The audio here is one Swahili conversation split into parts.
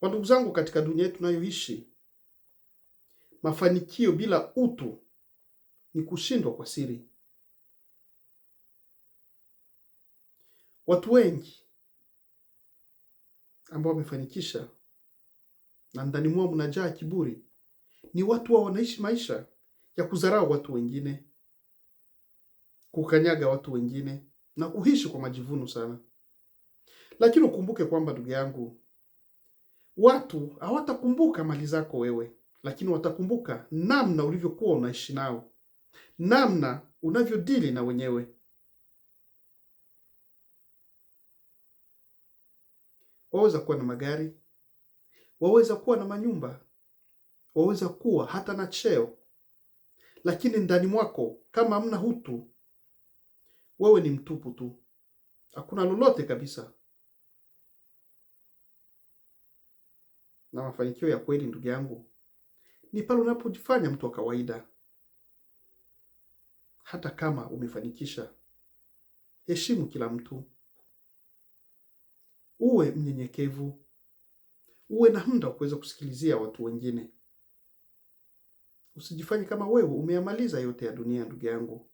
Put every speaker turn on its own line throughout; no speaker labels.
Kwa ndugu zangu, katika dunia yetu tunayoishi, mafanikio bila utu ni kushindwa kwa siri. Watu wengi ambao wamefanikisha na ndani mwao mnajaa kiburi ni watu wao wanaishi maisha ya kudharau watu wengine, kukanyaga watu wengine na kuishi kwa majivuno sana. Lakini ukumbuke kwamba ndugu yangu, Watu hawatakumbuka mali zako wewe, lakini watakumbuka namna ulivyokuwa unaishi nao, namna unavyodili na wenyewe. Waweza kuwa na magari, waweza kuwa na manyumba, waweza kuwa hata na cheo, lakini ndani mwako kama hamna hutu, wewe ni mtupu tu, hakuna lolote kabisa. na mafanikio ya kweli ndugu yangu ni pale unapojifanya mtu wa kawaida, hata kama umefanikisha. Heshimu kila mtu, uwe mnyenyekevu, uwe na muda wa kuweza kusikilizia watu wengine. Usijifanye kama wewe umeyamaliza yote ya dunia, ndugu yangu.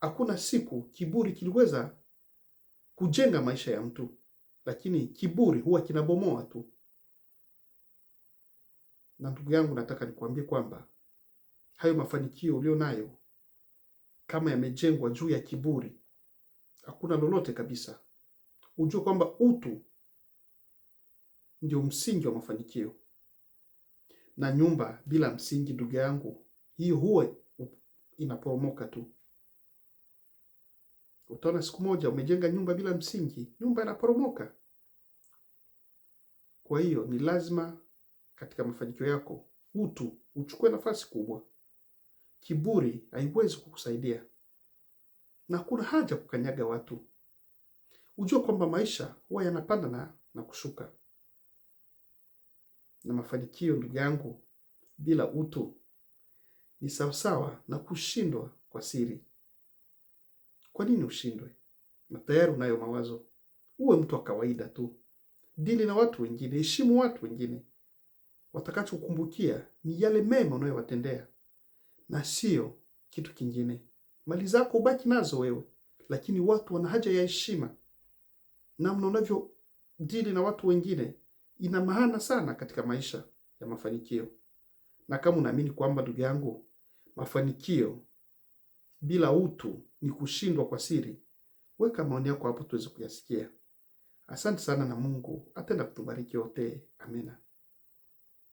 Hakuna siku kiburi kiliweza kujenga maisha ya mtu, lakini kiburi huwa kinabomoa tu. Na ndugu yangu, nataka nikuambie kwamba hayo mafanikio ulio nayo kama yamejengwa juu ya kiburi, hakuna lolote kabisa. Ujue kwamba utu ndio msingi wa mafanikio, na nyumba bila msingi, ndugu yangu, hii huwa inaporomoka tu. Utaona siku moja umejenga nyumba bila msingi, nyumba inaporomoka. Kwa hiyo ni lazima katika mafanikio yako. Utu uchukue nafasi kubwa. Kiburi haiwezi kukusaidia na kuna haja kukanyaga watu. Ujue kwamba maisha huwa yanapanda na, na kushuka. Na mafanikio ndugu yangu, bila utu ni sawasawa na kushindwa kwa siri. Kwa nini ushindwe na tayari unayo mawazo? Uwe mtu wa kawaida tu, dili na watu wengine, heshimu watu wengine watakachokumbukia ni yale mema unayowatendea na sio kitu kingine. Mali zako ubaki nazo wewe, lakini watu wana haja ya heshima. Namna dili na watu wengine ina maana sana katika maisha ya mafanikio. Na kama unaamini kwamba, ndugu yangu, mafanikio bila utu ni kushindwa kwa siri, weka maoni yako hapo tuweze kuyasikia. Asante sana, na Mungu atenda kutubariki wote. Amina.